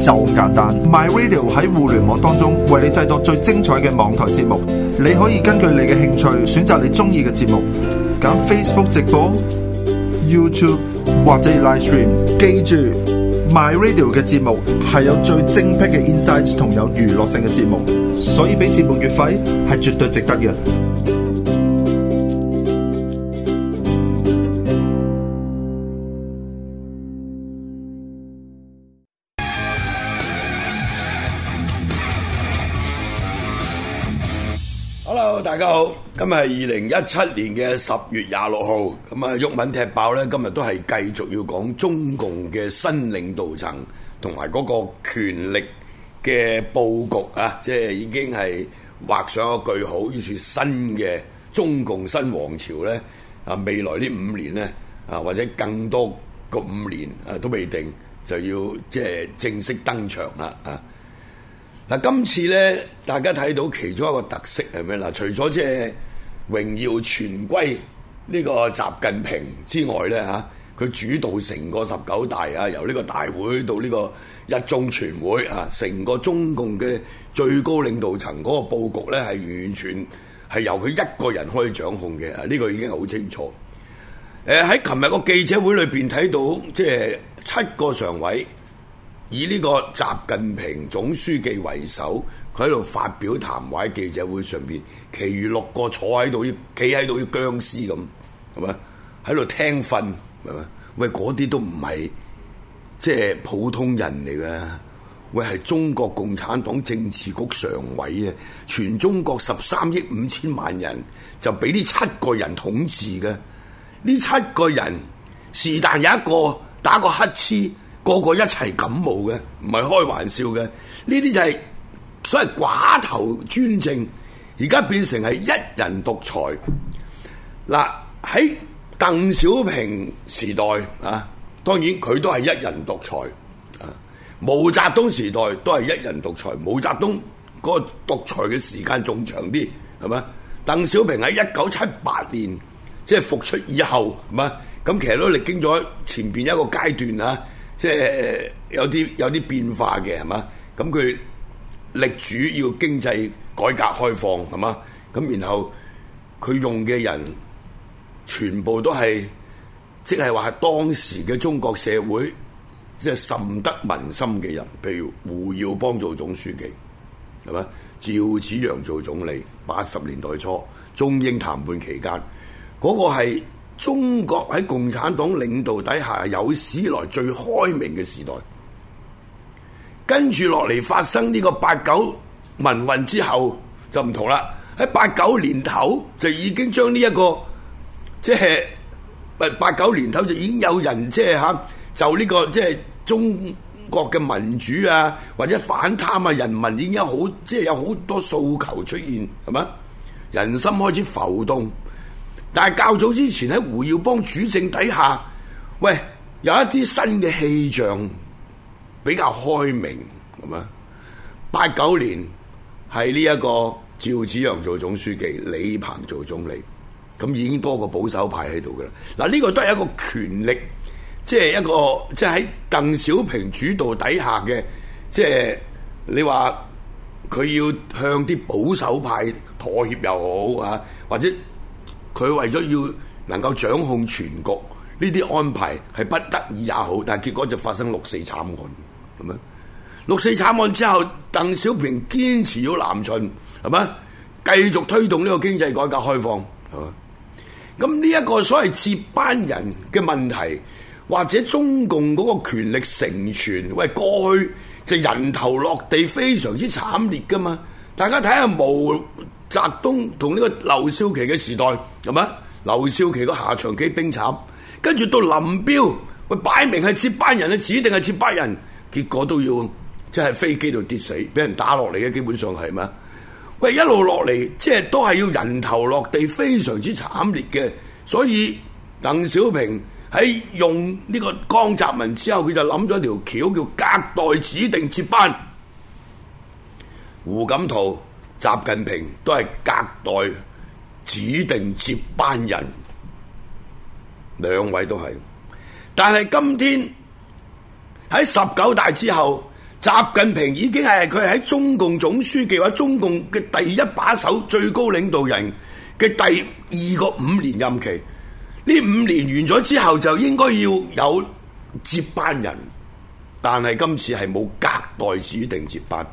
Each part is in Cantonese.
就咁簡單，My Radio 喺互聯網當中為你製作最精彩嘅網台節目，你可以根據你嘅興趣選擇你中意嘅節目，揀 Facebook 直播、YouTube 或者 Live Stream。記住，My Radio 嘅節目係有最精辟嘅 insights 同有娛樂性嘅節目，所以俾節目月費係絕對值得嘅。Hello 大家好，今日係二零一七年嘅十月廿六號，咁啊，毓民踢爆咧，今日都係繼續要講中共嘅新領導層同埋嗰個權力嘅布局啊，即係已經係畫上個句號，於是新嘅中共新王朝咧啊，未來呢五年咧啊，或者更多個五年啊都未定，就要即係正式登場啦啊！嗱，今次咧，大家睇到其中一個特色係咩咧？除咗即係榮耀全歸呢個習近平之外咧，嚇、啊、佢主導成個十九大啊，由呢個大會到呢個一中全會啊，成個中共嘅最高領導層嗰個佈局咧，係完全係由佢一個人可以掌控嘅，呢、啊這個已經好清楚。誒、啊，喺琴日個記者會裏邊睇到，即係七個常委。以呢個習近平總書記為首，佢喺度發表談話喺記者會上邊，其餘六個坐喺度，企喺度要僵屍咁，係咪？喺度聽訓，係咪？喂，嗰啲都唔係即係普通人嚟嘅。喂，係中國共產黨政治局常委啊！全中國十三億五千萬人就俾呢七個人統治嘅，呢七個人是但有一個打個乞嗤。個個一齊感冒嘅，唔係開玩笑嘅。呢啲就係所謂寡頭專政，而家變成係一人獨裁。嗱，喺鄧小平時代啊，當然佢都係一人獨裁。啊、毛澤東時代都係一人獨裁，毛澤東嗰個獨裁嘅時間仲長啲，係咪？鄧小平喺一九七八年即係復出以後，係咪？咁其實都歷經咗前邊一個階段啊。即係有啲有啲變化嘅係嘛？咁佢力主要經濟改革開放係嘛？咁然後佢用嘅人全部都係即係話係當時嘅中國社會，即係甚得民心嘅人，譬如胡耀邦做總書記係嘛？趙紫陽做總理，八十年代初中英談判期間嗰、那個係。中國喺共產黨領導底下有史以來最開明嘅時代，跟住落嚟發生呢個八九民運之後就唔同啦。喺八九年頭就已經將呢一個即係，八九年頭就已經有人即係嚇、啊、就呢個即係中國嘅民主啊，或者反貪啊，人民已經有好即係有好多訴求出現，係咪？人心開始浮動。但係較早之前喺胡耀邦主政底下，喂有一啲新嘅氣象比較開明，咁啊八九年係呢一個趙紫陽做總書記，李鵬做總理，咁已經多個保守派喺度噶啦。嗱，呢個都係一個權力，即係一個即係喺鄧小平主導底下嘅，即係你話佢要向啲保守派妥協又好啊，或者。佢為咗要能夠掌控全局，呢啲安排係不得已也好，但係結果就發生六四慘案，係咪？六四慘案之後，鄧小平堅持咗南巡，係咪？繼續推動呢個經濟改革開放，係咪？咁呢一個所謂接班人嘅問題，或者中共嗰個權力成全，喂過去就人頭落地，非常之慘烈㗎嘛，大家睇下冇。澤東同呢個劉少奇嘅時代係嘛？劉少奇個下場幾冰慘，跟住到林彪，佢擺明係接班人嘅，指定係接班人，結果都要即係、就是、飛機度跌死，俾人打落嚟嘅，基本上係嘛？喂，一路落嚟即係都係要人頭落地，非常之慘烈嘅。所以鄧小平喺用呢個江澤民之後，佢就諗咗條橋叫隔代指定接班，胡錦濤。習近平都係隔代指定接班人，兩位都係，但係今天喺十九大之後，習近平已經係佢喺中共總書記或者中共嘅第一把手、最高領導人嘅第二個五年任期，呢五年完咗之後就應該要有接班人，但係今次係冇隔代指定接班。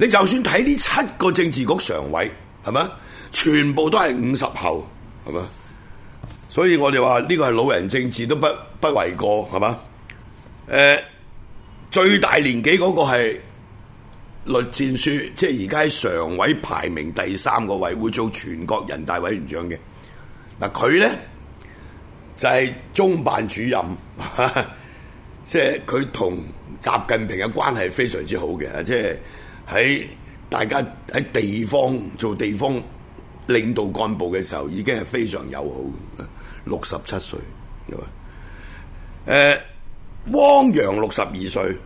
你就算睇呢七個政治局常委，係嘛？全部都係五十後，係嘛？所以我哋話呢個係老人政治都不不為過，係嘛？誒、呃，最大年紀嗰個係栗戰書，即係而家常委排名第三個位，會做全國人大委員長嘅。嗱佢咧就係、是、中辦主任，哈哈即係佢同習近平嘅關係非常之好嘅，即係。喺大家喺地方做地方領導幹部嘅時候，已經係非常友好嘅。六十七歲，誒，汪洋六十二歲，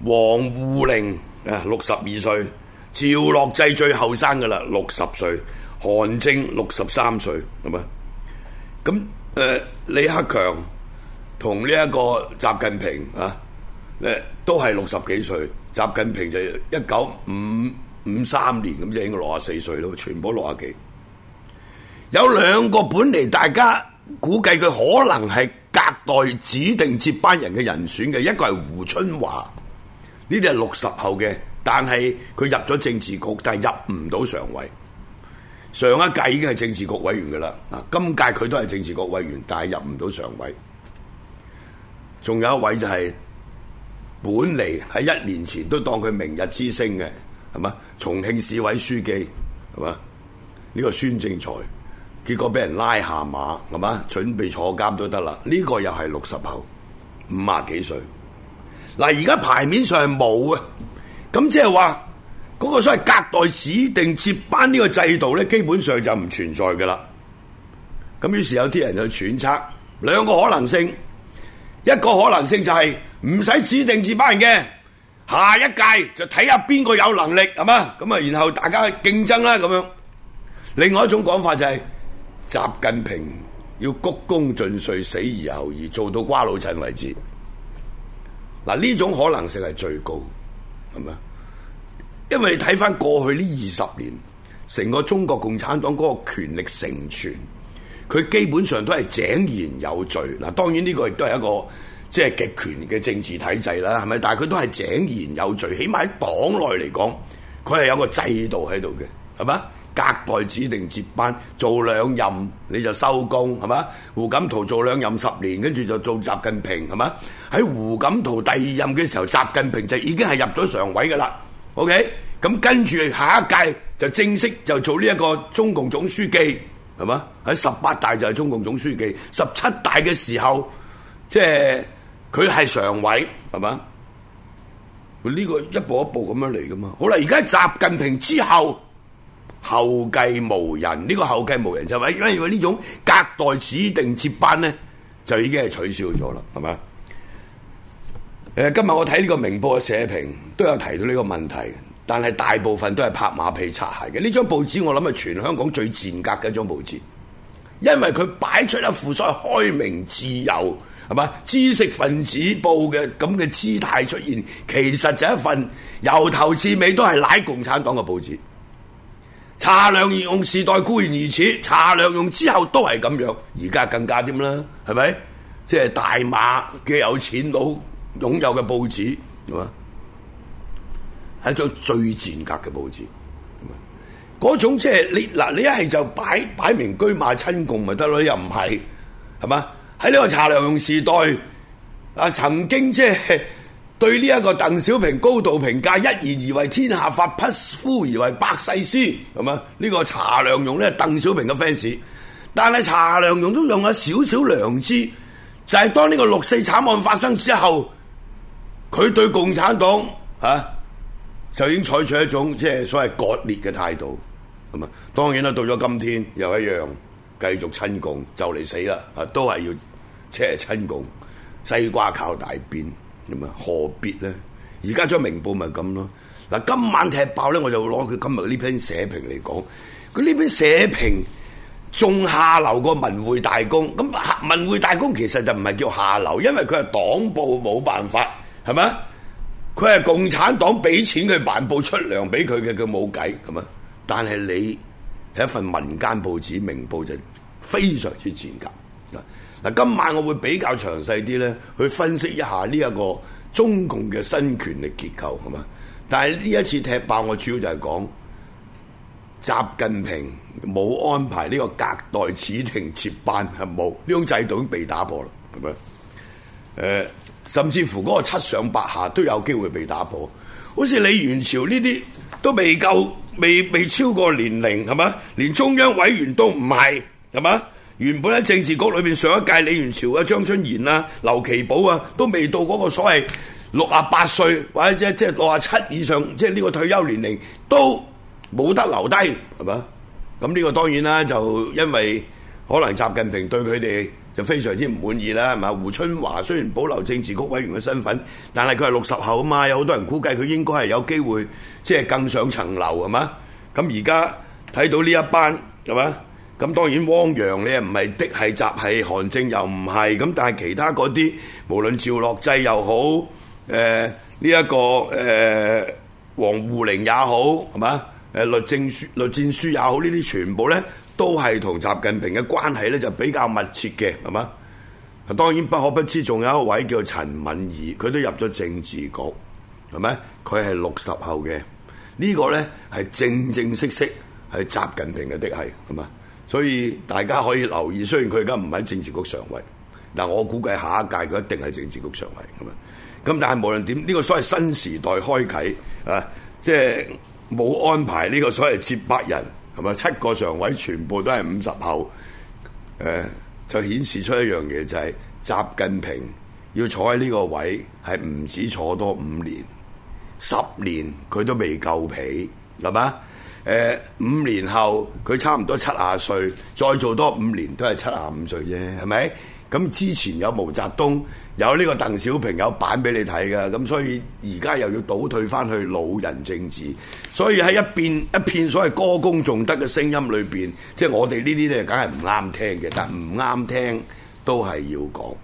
王滬寧啊六十二歲，趙樂際最後生噶啦，六十歲，韓正，六十三歲，係咪？咁、呃、誒，李克強同呢一個習近平啊，誒，都係六十幾歲。習近平就係一九五三年咁，就應該六十四歲咯，全部六啊幾。有兩個本嚟大家估計佢可能係隔代指定接班人嘅人選嘅，一個係胡春華，呢啲係六十後嘅，但係佢入咗政治局，但係入唔到常委。上一屆已經係政治局委員噶啦，啊，今屆佢都係政治局委員，但係入唔到常委。仲有一位就係、是。本嚟喺一年前都當佢明日之星嘅，係嘛？重慶市委書記係嘛？呢個孫政才，結果俾人拉下馬，係嘛？準備坐監都得啦。呢個又係六十後，五廿幾歲。嗱，而家牌面上冇啊，咁即係話嗰個所謂隔代指定接班呢個制度咧，基本上就唔存在噶啦。咁於是有啲人去揣測，兩個可能性，一個可能性就係。唔使指定住班人嘅，下一屆就睇下邊個有能力係嘛？咁啊，然後大家競爭啦咁樣。另外一種講法就係、是，習近平要鞠躬盡瘁，死而後已，做到瓜老襯為止。嗱，呢種可能性係最高係嘛？因為你睇返過去呢二十年，成個中國共產黨嗰個權力承傳，佢基本上都係井然有序。嗱，當然呢個亦都係一個。即係極權嘅政治體制啦，係咪？但係佢都係井然有序，起碼喺黨內嚟講，佢係有個制度喺度嘅，係嘛？隔代指定接班，做兩任你就收工，係嘛？胡錦濤做兩任十年，跟住就做習近平，係嘛？喺胡錦濤第二任嘅時候，習近平就已經係入咗常委㗎啦。OK，咁跟住下一屆就正式就做呢一個中共總書記，係嘛？喺十八大就係中共總書記，十七大嘅時候，即係。佢係常委，係嘛？呢個一步一步咁樣嚟噶嘛？好啦，而家習近平之後後繼無人，呢個後繼無人就係因為呢種隔代指定接班呢，就已經係取消咗啦，係嘛？誒、呃，今日我睇呢個明報嘅社評都有提到呢個問題，但係大部分都係拍馬屁擦鞋嘅。呢張報紙我諗係全香港最賤格嘅一張報紙，因為佢擺出一副所謂開明自由。係嘛？知識分子報嘅咁嘅姿態出現，其實就係一份由頭至尾都係奶共產黨嘅報紙。查良鏞時代固然如此，查良鏞用之後都係咁樣，而家更加添啦，係咪？即係大馬嘅有錢佬擁有嘅報紙，係嘛？係一張最賤格嘅報紙，嗰種即係你嗱，你一係就擺擺明車馬親共咪得咯，又唔係，係嘛？喺呢個查良鏞時代，啊曾經即係對呢一個鄧小平高度評價，一言而，而為天下法，匹夫而為百世師，係嘛？呢、這個查良鏞咧鄧小平嘅 fans，但係查良鏞都用咗少少良知，就係、是、當呢個六四慘案發生之後，佢對共產黨啊就已經採取一種即係所謂割裂嘅態度，係嘛？當然啦，到咗今天又一樣繼親，繼續親共就嚟死啦，啊都係要。即係親共，西瓜靠大邊，點啊？何必咧？而家張明報咪咁咯？嗱，今晚踢爆咧，我就攞佢今日呢篇社評嚟講。佢呢篇社評，仲下流過文匯大公。咁文匯大公其實就唔係叫下流，因為佢係黨報，冇辦法係咪？佢係共產黨俾錢佢辦報，出糧俾佢嘅，佢冇計係嘛？但係你係一份民間報紙，明報就非常之賤格。嗱，今晚我會比較詳細啲咧，去分析一下呢一個中共嘅新權力結構，係嘛？但係呢一次踢爆我主要就係講，習近平冇安排呢個隔代指定接班係冇，呢種制度已經被打破啦，係咪？誒、呃，甚至乎嗰個七上八下都有機會被打破，好似李元朝呢啲都未夠，未未超過年齡，係嘛？連中央委員都唔係，係嘛？原本喺政治局裏面上一屆李源潮啊、張春賢啊、劉奇葆啊，都未到嗰個所謂六啊八歲或者即係即係六啊七以上，即係呢個退休年齡，都冇得留低，係嘛？咁呢個當然啦，就因為可能習近平對佢哋就非常之唔滿意啦，係嘛？胡春華雖然保留政治局委員嘅身份，但係佢係六十後啊嘛，有好多人估計佢應該係有機會即係更上層樓，係嘛？咁而家睇到呢一班，係嘛？咁當然汪洋咧唔係的係，集係韓正又唔係咁，但係其他嗰啲無論趙樂際又好，誒呢一個誒、呃、王滬寧也好，係嘛？誒律政書栗戰書也好，呢啲全部咧都係同習近平嘅關係咧就比較密切嘅，係嘛？當然不可不知，仲有一位叫陳敏爾，佢都入咗政治局，係咪？佢係六十後嘅，這個、呢個咧係正正式式係習近平嘅的係，係嘛？所以大家可以留意，雖然佢而家唔喺政治局常委，但我估計下一屆佢一定係政治局常委咁啊。咁但係無論點，呢、這個所謂新時代開啓啊，即係冇安排呢個所謂接班人，係咪七個常委全部都係五十後？誒、啊，就顯示出一樣嘢就係、是、習近平要坐喺呢個位，係唔止坐多五年、十年，佢都未夠皮，係嘛？誒五年後佢差唔多七十歲，再做多五年都係七十五歲啫，係咪？咁之前有毛澤東，有呢個鄧小平，有版俾你睇㗎，咁所以而家又要倒退翻去老人政治，所以喺一邊一片所謂歌功頌德嘅聲音裏邊，即係我哋呢啲咧梗係唔啱聽嘅，但唔啱聽都係要講。